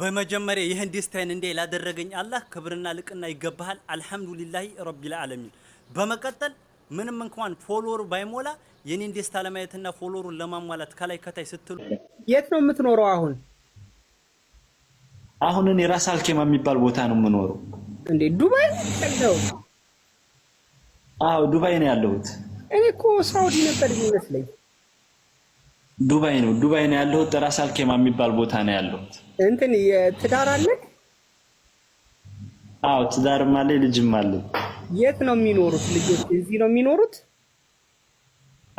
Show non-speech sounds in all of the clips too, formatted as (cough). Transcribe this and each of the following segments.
በመጀመሪያ ይህን ደስታዬን እንዲህ ላደረገኝ አላህ ክብርና ልቅና ይገባሃል። አልሐምዱሊላሂ ረቢል ዓለሚን። በመቀጠል ምንም እንኳን ፎሎወር ባይሞላ የኔን ደስታ ለማየትና ፎሎወሩን ለማሟላት ከላይ ከታይ ስትሉ የት ነው የምትኖረው? አሁን አሁን እኔ ራስ አልኬማ የሚባል ቦታ ነው የምኖረው። እንዴ ዱባይ ነው? አዎ ዱባይ ነው ያለሁት። እኔ እኮ ሳውዲ ነበር የሚመስለኝ። ዱባይ ነው ዱባይ ነው ያለሁት። ራስ አልኬማ የሚባል ቦታ ነው ያለሁት። እንትን ትዳር አለ? አዎ ትዳርም አለ ልጅም አለ። የት ነው የሚኖሩት ልጆች? እዚህ ነው የሚኖሩት?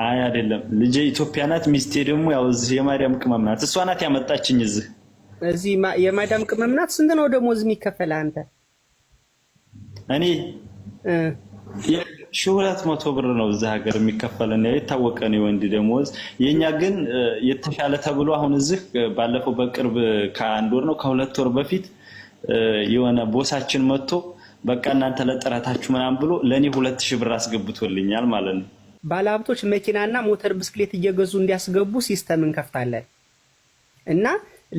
አይ አይደለም፣ ልጄ ኢትዮጵያ ናት። ሚስቴ ደግሞ ያው እዚህ የማዳም ቅመም ናት። እሷ ናት ያመጣችኝ እዚህ እዚህ የማዳም ቅመም ናት። ስንት ነው ደሞዝ የሚከፈል አንተ? እኔ ሺህ ሁለት መቶ ብር ነው እዛ ሀገር የሚከፈልን የታወቀ ነው የወንድ ደሞዝ። የእኛ ግን የተሻለ ተብሎ አሁን እዚህ ባለፈው በቅርብ ከአንድ ወር ነው ከሁለት ወር በፊት የሆነ ቦሳችን መጥቶ በቃ እናንተ ለጥረታችሁ ምናምን ብሎ ለእኔ ሁለት ሺህ ብር አስገብቶልኛል ማለት ነው። ባለሀብቶች መኪናና ሞተር ብስክሌት እየገዙ እንዲያስገቡ ሲስተም እንከፍታለን እና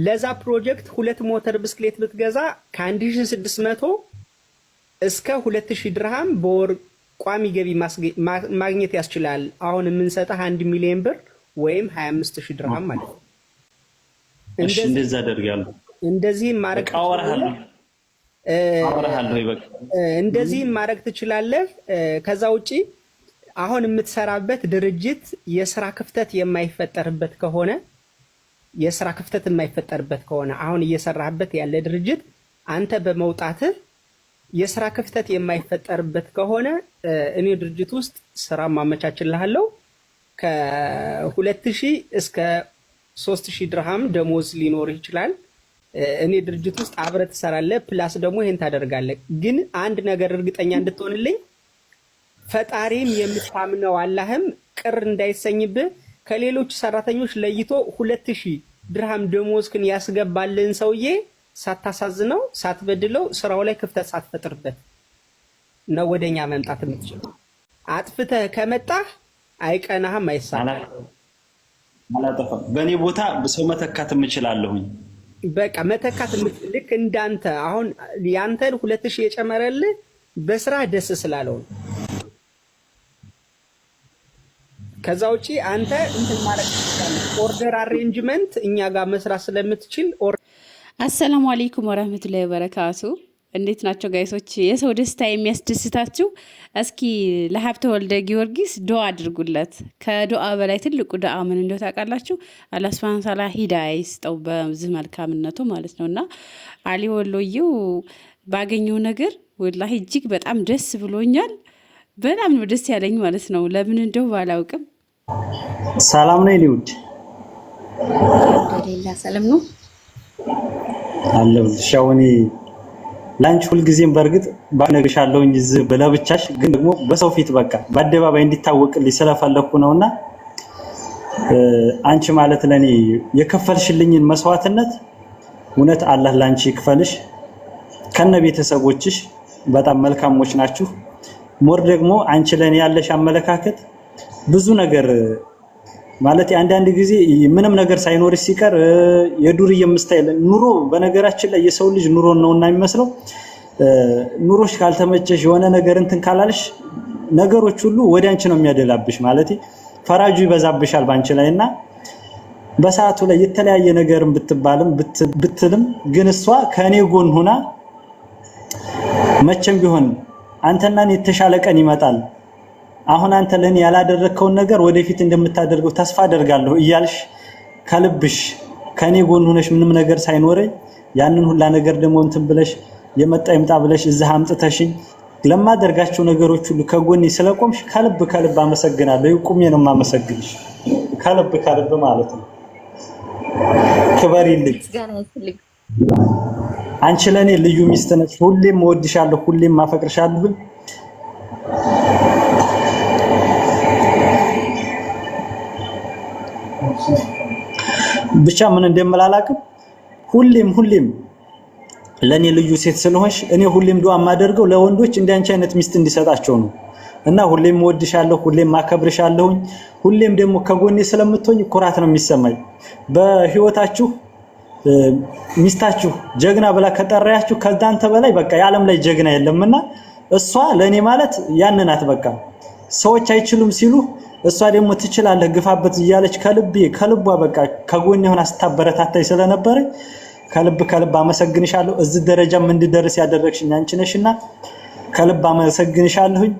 ለዛ ፕሮጀክት ሁለት ሞተር ብስክሌት ብትገዛ ከ1600 እስከ 2000 ድርሃም በወር ቋሚ ገቢ ማግኘት ያስችላል። አሁን የምንሰጠህ አንድ ሚሊዮን ብር ወይም 25 ሺህ ድርሃም ማለት ነው። አደርጋለሁ። እንደዚህም ማድረግ እንደዚህም ማድረግ ትችላለህ። ከዛ ውጪ አሁን የምትሰራበት ድርጅት የስራ ክፍተት የማይፈጠርበት ከሆነ የስራ ክፍተት የማይፈጠርበት ከሆነ አሁን እየሰራህበት ያለ ድርጅት አንተ በመውጣትህ የስራ ክፍተት የማይፈጠርበት ከሆነ እኔ ድርጅት ውስጥ ስራ ማመቻችልሃለሁ ከ2000 እስከ 3000 ድርሃም ደሞዝ ሊኖር ይችላል። እኔ ድርጅት ውስጥ አብረ ትሰራለ፣ ፕላስ ደግሞ ይሄን ታደርጋለህ። ግን አንድ ነገር እርግጠኛ እንድትሆንልኝ ፈጣሪም የምታምነው አላህም ቅር እንዳይሰኝብህ ከሌሎች ሰራተኞች ለይቶ ሁለት ሺህ ድርሃም ደሞዝክን ያስገባልን ሰውዬ ሳታሳዝነው ሳትበድለው ስራው ላይ ክፍተት ሳትፈጥርበት ነው ወደኛ መምጣት የምትችለው። አጥፍተህ ከመጣህ አይቀናህም፣ አይሳላም። በእኔ ቦታ ሰው መተካት የምችላለሁኝ። በቃ መተካት ልክ እንዳንተ አሁን ያንተን ሁለት ሺህ የጨመረልህ በስራ ደስ ስላለው ነው። ከዛ ውጪ አንተ እንትን ማለት ኦርደር አሬንጅመንት እኛ ጋር መስራት ስለምትችል አሰላሙ አሌይኩም ወረህመቱላሂ ወበረካቱ። እንዴት ናቸው ጋይሶች? የሰው ደስታ የሚያስደስታችሁ እስኪ ለሀብተ ወልደ ጊዮርጊስ ዶ አድርጉለት። ከዶአ በላይ ትልቁ ዶአ ምን እንደው ታውቃላችሁ? አላህ ሱብሃነሁ ወተዓላ ሂዳያ ይስጠው በዚህ መልካምነቱ ማለት ነው። እና አሊ ወሎዬው ባገኘው ነገር ወላሂ እጅግ በጣም ደስ ብሎኛል። በጣም ነው ደስ ያለኝ ማለት ነው። ለምን እንደው ባላውቅም። ሰላም ነው ሊውድ ሌላ ሰላም ነው አለሁልሽ። ያው እኔ ለአንቺ ሁልጊዜም በእርግጥ ባነግርሻለሁኝ ዝ ብለብቻሽ፣ ግን ደግሞ በሰው ፊት በቃ በአደባባይ እንዲታወቅልኝ ስለፈለኩ ነውና አንቺ ማለት ለኔ የከፈልሽልኝን መስዋዕትነት እውነት አላህ ላንቺ ይክፈልሽ። ከነ ቤተሰቦችሽ በጣም መልካሞች ናችሁ። ሞር ደግሞ አንቺ ለኔ ያለሽ አመለካከት ብዙ ነገር ማለት አንዳንድ ጊዜ ምንም ነገር ሳይኖር ሲቀር የዱርዬ ምስታይል ኑሮ፣ በነገራችን ላይ የሰው ልጅ ኑሮ ነው እና የሚመስለው ኑሮሽ ካልተመቸሽ የሆነ ነገር እንትን ካላልሽ ነገሮች ሁሉ ወደ አንቺ ነው የሚያደላብሽ። ማለት ፈራጁ ይበዛብሻል ባንቺ ላይ እና በሰዓቱ ላይ የተለያየ ነገርን ብትባልም ብትልም ግን እሷ ከእኔ ጎን ሁና መቼም ቢሆን አንተናን የተሻለ ቀን ይመጣል አሁን አንተ ለእኔ ያላደረግከውን ነገር ወደፊት እንደምታደርገው ተስፋ አደርጋለሁ እያልሽ ከልብሽ ከእኔ ጎን ሆነሽ ምንም ነገር ሳይኖረኝ ያንን ሁላ ነገር ደግሞ እንትን ብለሽ የመጣ ይምጣ ብለሽ እዚህ አምጥተሽኝ ለማደርጋቸው ነገሮች ሁሉ ከጎኔ ስለቆምሽ ከልብ ከልብ አመሰግናለሁ። ቁሜ ነው የማመሰግንሽ፣ ከልብ ከልብ ማለት ነው። ክበሪልኝ። አንቺ ለእኔ ልዩ ሚስት ነች። ሁሌም እወድሻለሁ፣ ሁሌም አፈቅርሻለሁ። ብቻ ምን እንደምላላቅም ሁሌም ሁሌም ለኔ ልዩ ሴት ስለሆንሽ እኔ ሁሌም ዱአ የማደርገው ለወንዶች እንዳንቺ አይነት ሚስት እንዲሰጣቸው ነው። እና ሁሌም ወድሻለሁ፣ ሁሌም ማከብርሻለሁኝ፣ ሁሌም ደግሞ ከጎኔ ስለምትሆኝ ኩራት ነው የሚሰማኝ። በህይወታችሁ ሚስታችሁ ጀግና ብላ ከጠራያችሁ ከዛንተ በላይ በቃ የዓለም ላይ ጀግና የለምና እሷ ለኔ ማለት ያንናት። በቃ ሰዎች አይችሉም ሲሉ እሷ ደግሞ ትችላለህ ግፋበት እያለች ከልቤ ከልቧ በቃ ከጎን ሆና ስታበረታታኝ ስለነበረ ከልብ ከልብ አመሰግንሻለሁ። እዚህ ደረጃም እንድደርስ ያደረግሽኝ አንቺ ነሽና ከልብ አመሰግንሻለሁኝ።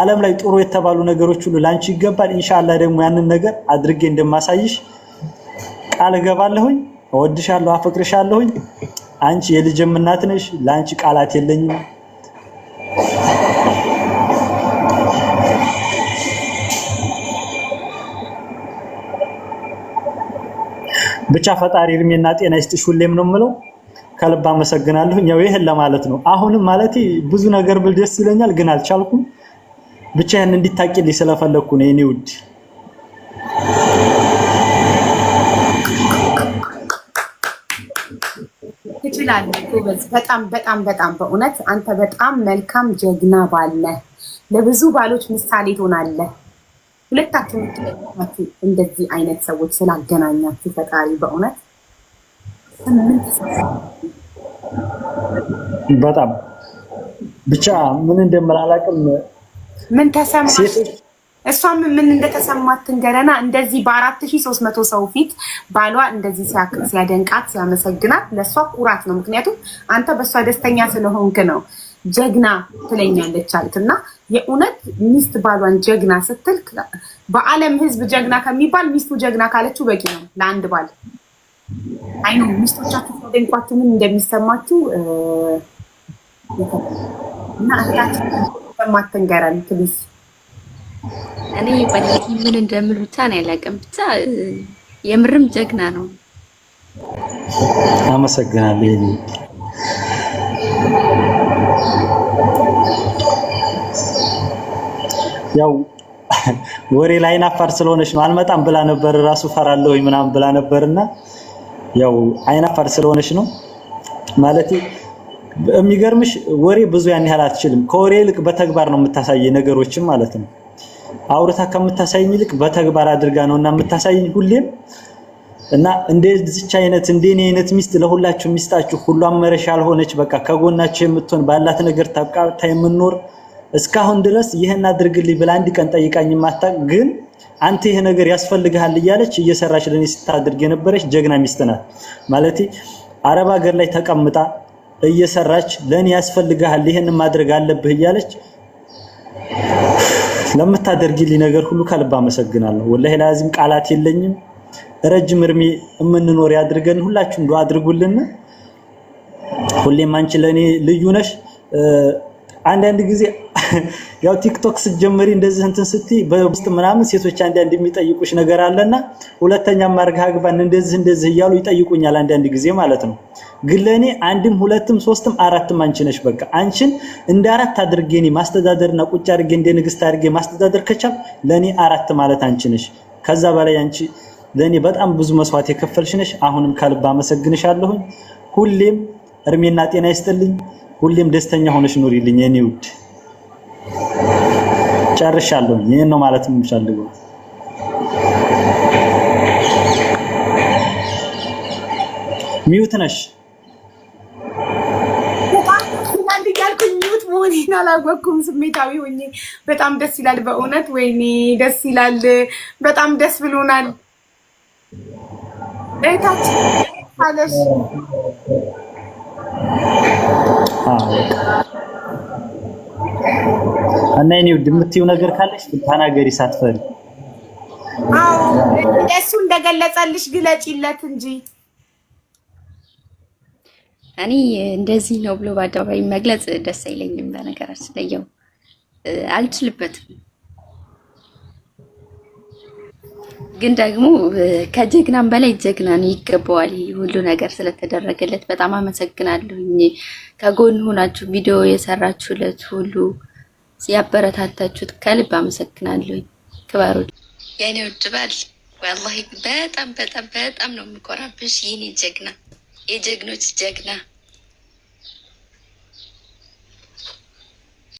ዓለም ላይ ጥሩ የተባሉ ነገሮች ሁሉ ላንቺ ይገባል። ኢንሻአላህ ደግሞ ያንን ነገር አድርጌ እንደማሳይሽ ቃል እገባለሁኝ። እወድሻለሁ፣ አፈቅርሻለሁኝ። አንቺ የልጅም እናት ነሽ። ላንቺ ቃላት የለኝም። ብቻ ፈጣሪ እድሜና ጤና ይስጥሽ። ሁሌም ነው የምለው። ከልብ አመሰግናለሁ። ያው ይህን ለማለት ነው። አሁንም ማለት ብዙ ነገር ብል ደስ ይለኛል፣ ግን አልቻልኩም። ብቻ ያን እንዲታቂልኝ ስለፈለግኩ ነው የኔ ውድ። ትችላለህ በጣም በጣም በጣም በእውነት አንተ በጣም መልካም ጀግና ባለ ለብዙ ባሎች ምሳሌ ትሆናለህ። ሁለታችሁ ምትመጣችሁ እንደዚህ አይነት ሰዎች ስላገናኛችሁ ፈጣሪ በእውነት በጣም ብቻ ምን እንደምላላቅም ምን ተሰማ እሷም ምን እንደተሰማት ትንገረና። እንደዚህ በአራት ሺህ ሶስት መቶ ሰው ፊት ባሏ እንደዚህ ሲያደንቃት ሲያመሰግናት ለእሷ ኩራት ነው። ምክንያቱም አንተ በእሷ ደስተኛ ስለሆንክ ነው ጀግና ትለኛለች አልትና የእውነት ሚስት ባሏን ጀግና ስትል በዓለም ሕዝብ ጀግና ከሚባል ሚስቱ ጀግና ካለችው በቂ ነው ለአንድ ባል። አይ ነው ሚስቶቻችሁ ደንቋችሁ ምን እንደሚሰማችሁ እና እህታችን ማትንገረን ፕሊዝ። እኔ ባለቲ ምን እንደምል ብቻ ነው ያላቀም ብቻ የምርም ጀግና ነው። አመሰግናለሁ። ያው (laughs) ወሬ ላይ አፋር ስለሆነች ነው አልመጣም ብላ ነበር። ራሱ ፈራለሁ ምናምን ብላ ነበርና ያው አይናፋር ስለሆነች ነው ማለት የሚገርምሽ ወሬ ብዙ ያን ያህል አትችልም። ከወሬ ይልቅ በተግባር ነው የምታሳይ ነገሮችን ማለት ነው። አውርታ ከምታሳይኝ ይልቅ በተግባር አድርጋ ነውና የምታሳይኝ ሁሌም እና እንደዚች አይነት እንደኔ አይነት ሚስት ለሁላችሁ ሚስጣችሁ ሁሉ አመረሽ ያልሆነች በቃ ከጎናችሁ የምትሆን ባላት ነገር ታብቃታ የምኖር እስካሁን ድረስ ይህን አድርግልኝ ብላ አንድ ቀን ጠይቃኝ ማታቅ፣ ግን አንተ ይሄ ነገር ያስፈልግሃል እያለች እየሰራች ለኔ ስታድርግ የነበረች ጀግና ሚስት ናት። ማለት አረብ ሀገር ላይ ተቀምጣ እየሰራች ለኔ ያስፈልግሃል፣ ይህን ማድረግ አለብህ እያለች ለምታደርግልኝ ነገር ሁሉ ከልብ አመሰግናለሁ። ወላሂ ላዚም ቃላት የለኝም። ረጅም እድሜ የምንኖር ያድርገን። ሁላችሁም ዱአ አድርጉልን። ሁሌም አንቺ ለኔ ልዩ ነሽ። አንዳንድ ጊዜ ያው ቲክቶክ ስትጀምሪ እንደዚህ እንትን ስትይ በውስጥ ምናምን ሴቶች አንዳንድ የሚጠይቁሽ ነገር አለና ሁለተኛ ማርጋ አግባን እንደዚህ እንደዚህ እያሉ ይጠይቁኛል አንዳንድ ጊዜ ማለት ነው። ግን ለእኔ አንድም ሁለትም ሶስትም አራትም አንቺ ነሽ። በቃ አንቺን እንደ አራት አድርጌ እኔ ማስተዳደርና ቁጭ አድርጌ እንደ ንግስት አድርጌ ማስተዳደር ከቻል ለእኔ አራት ማለት አንቺ ነሽ። ከዛ በላይ አንቺ ለእኔ በጣም ብዙ መስዋዕት የከፈልሽ ነሽ። አሁንም ከልብ አመሰግንሻለሁኝ። ሁሌም እርሜና ጤና ይስጥልኝ። ሁሌም ደስተኛ ሆነሽ ኑሪልኝ የኔ ውድ ጨርሻለሁ። ይህን ነው ማለት የምፈልገው። ሚዩት ነሽ። መሆኔን አላወኩም። ስሜታዊ ሆኜ በጣም ደስ ይላል። በእውነት ወይኔ ደስ ይላል። በጣም ደስ ብሎናል። እህታችን አለሽ አዎ እና እኔ የምትይው ነገር ካለሽ ተናገሪ ሳትፈሪ። አዎ እሱ እንደገለጸልሽ ግለጪለት እንጂ እኔ እንደዚህ ነው ብሎ በአደባባይ መግለጽ ደስ አይለኝም። በነገራችን ላይ ያው አልችልበትም፣ ግን ደግሞ ከጀግናም በላይ ጀግናን ይገባዋል ሁሉ ነገር ስለተደረገለት። በጣም አመሰግናለሁኝ ከጎን ሆናችሁ ቪዲዮ የሰራችሁለት ሁሉ ሲያበረታታችሁት ከልብ አመሰግናለሁ። ክበሩ የኔ ውድ ባል ወላሂ በጣም በጣም በጣም ነው የምኮራብሽ። ይህኔ ጀግና የጀግኖች ጀግና